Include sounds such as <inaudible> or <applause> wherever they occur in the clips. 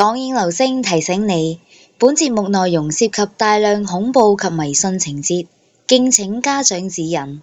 港演流星提醒你，本節目內容涉及大量恐怖及迷信情節，敬請家長指引。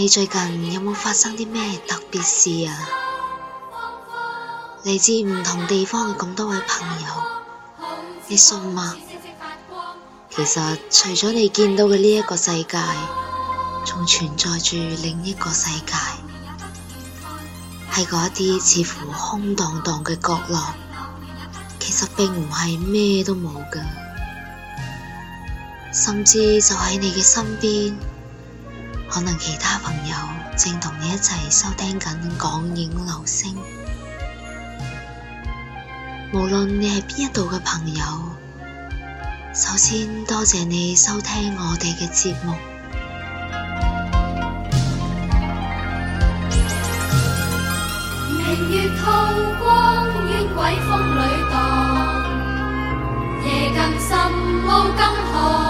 你最近有冇發生啲咩特別事啊？嚟自唔同地方嘅咁多位朋友，你信嗎？其實除咗你見到嘅呢一個世界，仲存在住另一個世界，喺嗰啲似乎空蕩蕩嘅角落，其實並唔係咩都冇噶，甚至就喺你嘅身邊。可能其他朋友正同你一齊收聽緊《港影流星》，無論你係邊一度嘅朋友，首先多謝你收聽我哋嘅節目。明月吐光，冤鬼風裏蕩，夜更深，霧更寒。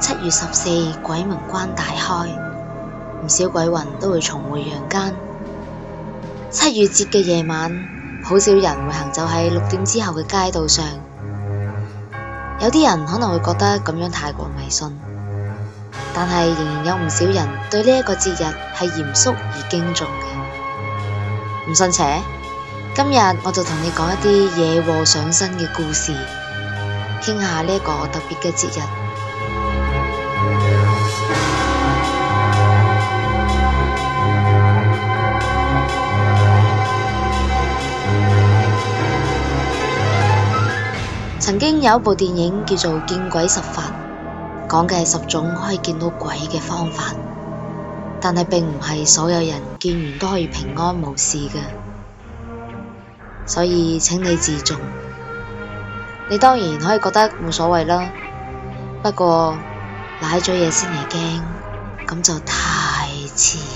七月十四，鬼門關大開，唔少鬼魂都會重回陽間。七月節嘅夜晚，好少人會行走喺六點之後嘅街道上。有啲人可能會覺得咁樣太過迷信，但係仍然有唔少人對呢一個節日係嚴肅而敬重嘅。唔信邪，今日我就同你講一啲惹禍上身嘅故事，傾下呢一個特別嘅節日。曾經有一部電影叫做《見鬼十法》，講嘅係十種可以見到鬼嘅方法，但係並唔係所有人見完都可以平安無事嘅，所以請你自重。你當然可以覺得冇所謂啦，不過舐咗嘢先嚟驚，咁就太遲。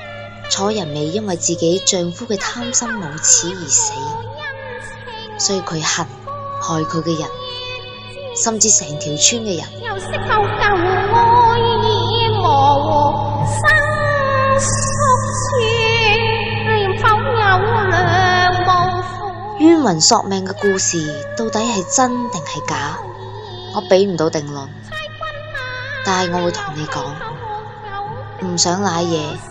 楚人美因為自己丈夫嘅貪心無恥而死，所以佢恨害佢嘅人，甚至成條村嘅人。我我冤魂索命嘅故事到底係真定係假？我畀唔到定論，啊、但係我會同你講，唔想舐嘢。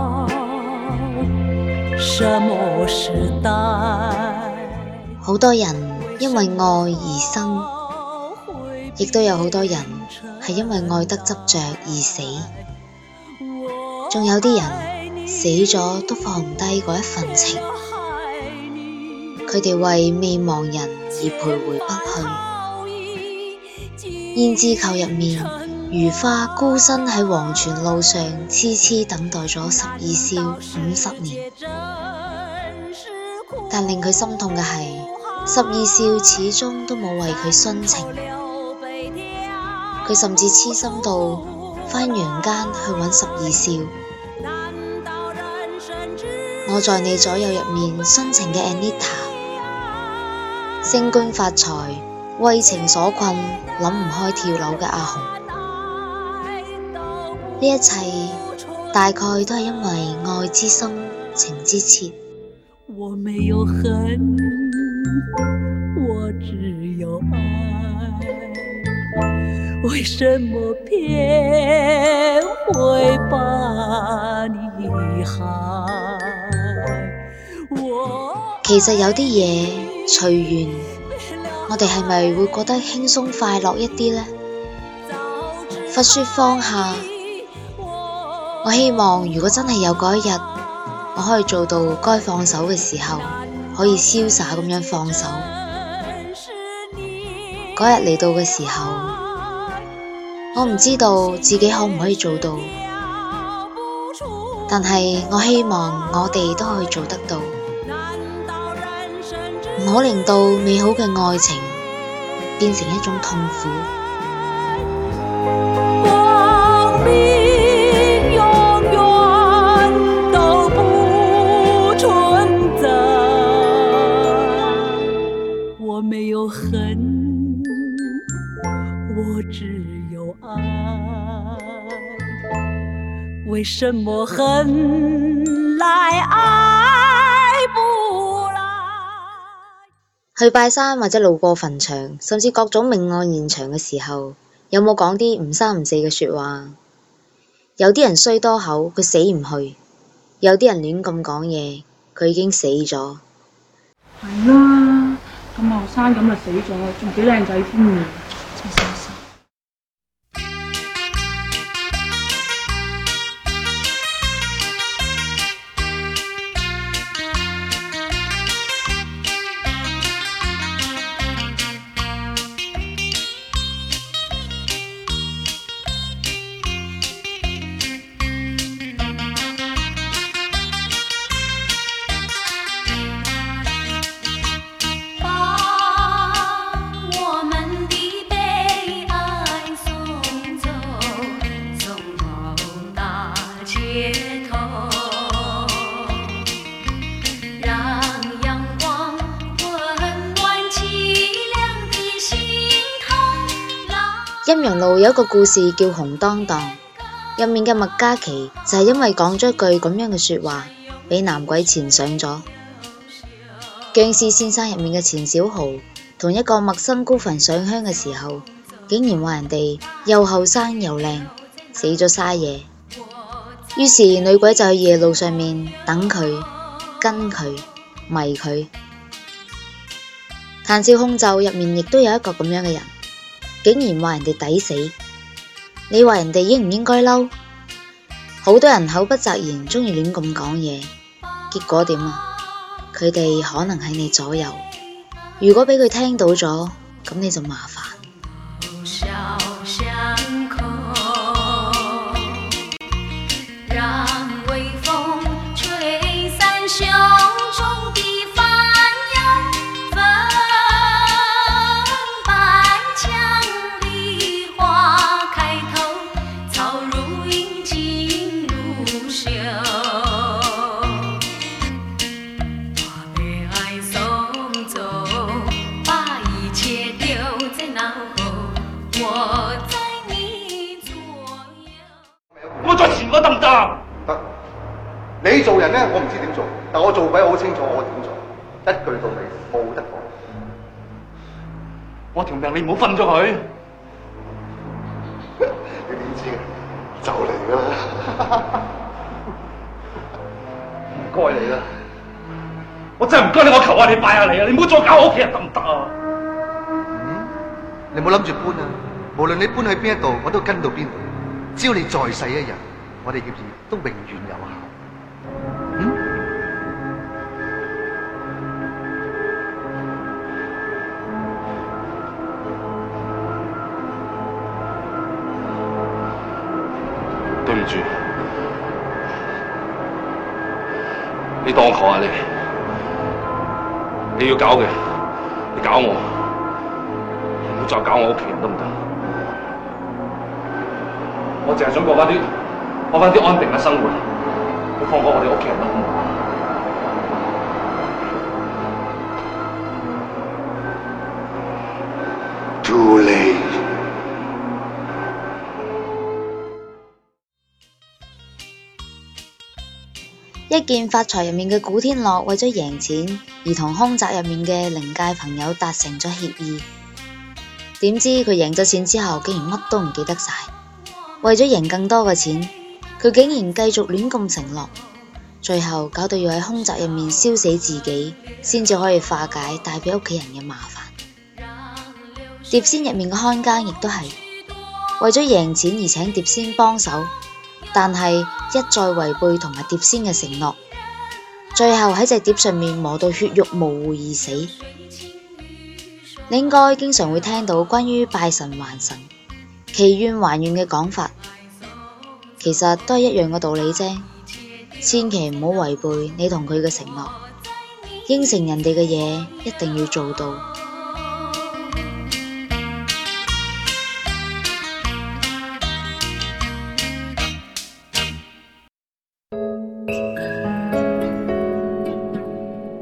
好多人因為愛而生，亦都有好多人係因為愛得執着而死，仲有啲人死咗都放唔低嗰一份情，佢哋為未亡人而徘徊不去。胭脂扣入面。如花孤身喺黃泉路上痴痴等待咗十二少五十年，但令佢心痛嘅係，十二少始終都冇為佢殉情。佢甚至痴心到翻陽間去搵十二少。我在你左右入面殉情嘅 Anita，升官發財為情所困諗唔開跳樓嘅阿雄。呢一切大概都是因為愛之深，情之切。我沒有恨，我只有愛。為什麼偏會把你害？你其實有啲嘢隨緣，我哋係咪會覺得輕鬆快樂一啲呢？佛說放下。我希望，如果真係有嗰一日，我可以做到該放手嘅時候，可以瀟灑咁樣放手。嗰日嚟到嘅時候，我唔知道自己可唔可以做到，但係我希望我哋都可以做得到，唔好令到美好嘅愛情變成一種痛苦。去拜山或者路過墳場，甚至各種命案現場嘅時候，有冇講啲唔三唔四嘅說話？有啲人衰多口，佢死唔去；有啲人亂咁講嘢，佢已經死咗。係啦，啊，咁後生咁就死咗，仲幾靚仔添。嗯陰陽路有一個故事叫《紅當當》，入面嘅麥家琪就係因為講咗一句咁樣嘅說話，俾男鬼纏上咗。僵屍先生入面嘅錢小豪，同一個陌生孤墳上香嘅時候，竟然話人哋又後生又靚，死咗嘥嘢。於是女鬼就喺夜路上面等佢，跟佢，迷佢。炭燒控咒入面亦都有一個咁樣嘅人。竟然話人哋抵死，你話人哋應唔應該嬲？好多人口不擇言，中意亂咁講嘢，結果點啊？佢哋可能喺你左右，如果畀佢聽到咗，咁你就麻煩。你唔好瞓咗佢， <laughs> 你點知？就嚟㗎啦，唔 <laughs> 該你啦，我真係唔該你，我求下你！你拜下你啊！你唔好再搞我屋企人得唔得啊？你唔好諗住搬啊！無論你搬去邊一度，我都跟到邊度。只要你在世一日，我哋協議都永遠有效。你當我求下你！你要搞嘅，你搞我，唔好再搞我屋企人都唔得。我淨係想過翻啲，過翻啲安定嘅生活。你放過我哋屋企人都唔得 Too late. 一見發財入面嘅古天樂為咗贏錢而同空宅入面嘅靈界朋友達成咗協議，點知佢贏咗錢之後竟然乜都唔記得晒。為咗贏更多嘅錢，佢竟然繼續亂咁承諾，最後搞到要喺空宅入面燒死自己先至可以化解帶俾屋企人嘅麻煩。碟仙入面嘅看更亦都係為咗贏錢而請碟仙幫手。但係一再違背同埋碟仙嘅承諾，最後喺隻碟上面磨到血肉模糊而死。你應該經常會聽到關於拜神還神、祈願還願嘅講法，其實都係一樣嘅道理啫。千祈唔好違背你同佢嘅承諾，應承人哋嘅嘢一定要做到。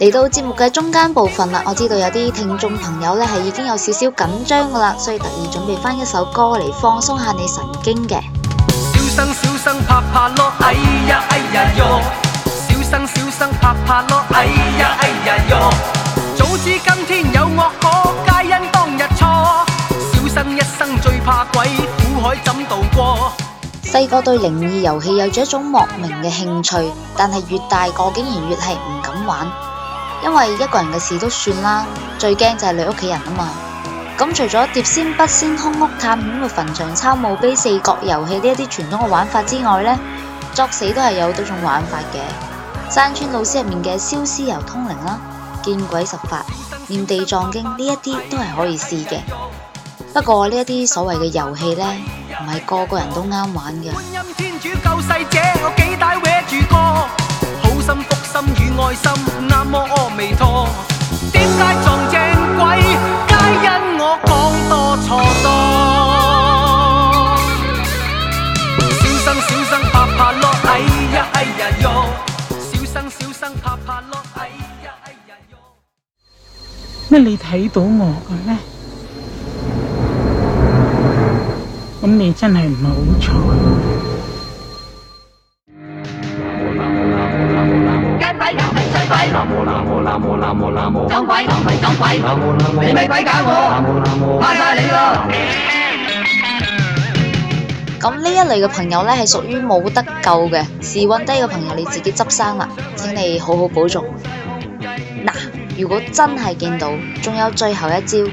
嚟到節目嘅中間部分啦，我知道有啲聽眾朋友呢係已經有少少緊張噶啦，所以特意準備翻一首歌嚟放鬆下你神經嘅。小心小心怕怕細個對靈異遊戲有着一種莫名嘅興趣，但係越大個竟然越係唔敢玩，因為一個人嘅事都算啦，最驚就係你屋企人啊嘛。咁除咗碟仙、筆仙、空屋探險、探險、墳場、抄墓碑、四角遊戲呢啲傳統嘅玩法之外咧，作死都係有很多種玩法嘅。山村老屍入面嘅燒屍油通靈啦、見鬼十法、念地藏經呢啲都係可以試嘅，不過呢啲所謂嘅遊戲咧。唔係個個人都啱玩嘅。咁你真係唔好彩。咁呢一類嘅朋友呢，係屬於冇得救嘅。時運低嘅朋友，你自己執生啦，請你好好保重。嗱，如果真係見到，仲有最後一招。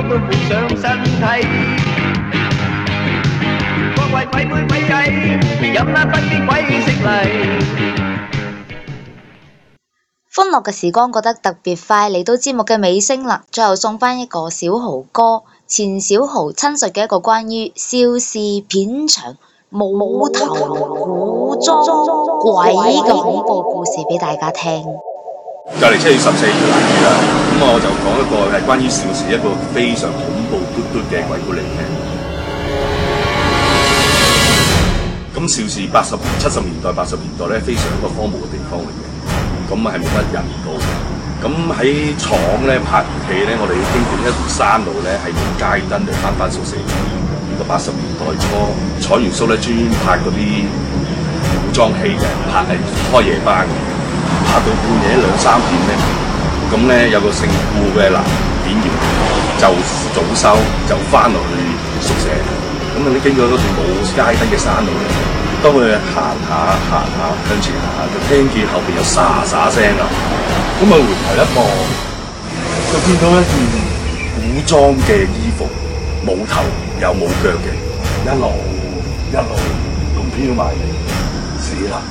歡樂嘅時光過得特別快，嚟到節目嘅尾聲啦！最後送返一個小豪哥，錢小豪親述嘅一個關於邵氏片場冇頭古裝鬼嘅恐怖故事俾大家聽。就嚟七月十四要下雨啦，咁我就講一個係關於邵氏一個非常恐怖嘟嘟嘅鬼故嚟聽。咁邵氏八十七十年代、八十年代咧，非常一個荒蕪嘅地方嚟嘅，咁係冇乜人到嘅。咁喺廠咧拍戲咧，我哋要經過一條山路咧，係用街燈嚟翻翻宿舍。呢個八十年代初，廠員叔咧專拍嗰啲古裝戲嘅，拍係開夜班。打到半夜兩三點咧，咁咧有個姓顧嘅男演員就早收就翻落去宿舍，咁啊你經過嗰段冇街燈嘅山路，當佢行下行下向前行下，就聽見後邊有沙沙聲啊，咁啊回頭一望，就見到一件古裝嘅衣服，冇頭又冇腳嘅，一路一路仲飄埋嚟，死啦！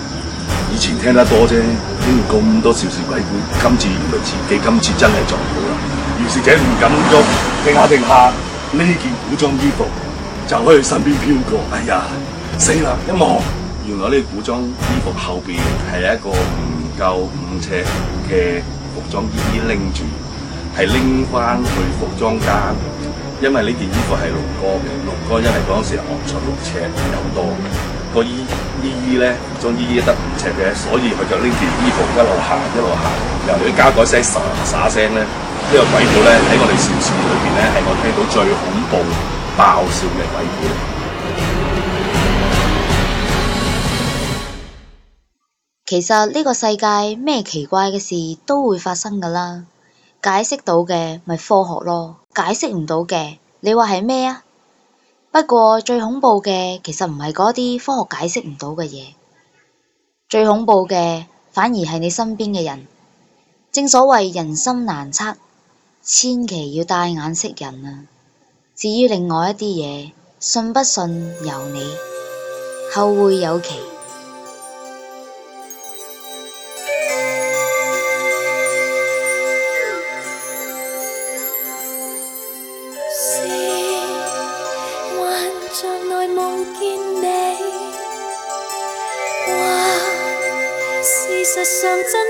以前聽得多啫，聽咁多小事鬼故，今次原來自己，今次真係撞到啦！於是者唔敢喐。定下定下，呢件古裝衣服就可以喺身邊飄過。哎呀，死啦！一望原來呢古裝衣服後邊係一個唔夠五尺嘅服裝衣衣拎住，係拎翻去服裝間，因為呢件衣服係龍哥嘅，龍哥因為嗰時昂長六尺有多。個衣衣衣咧，將衣衣得五尺嘅，所以佢就拎件衣服一路行一路行，又去加嗰聲沙沙聲咧。呢個鬼故咧喺我哋城市裏邊咧，係我聽到最恐怖爆笑嘅鬼故。其實呢個世界咩奇怪嘅事都會發生噶啦解釋到嘅咪科學咯，解釋唔到嘅，你話係咩啊？不過最恐怖嘅其實唔係嗰啲科學解釋唔到嘅嘢，最恐怖嘅反而係你身邊嘅人。正所謂人心難測，千祈要帶眼識人啊！至於另外一啲嘢，信不信由你。後會有期。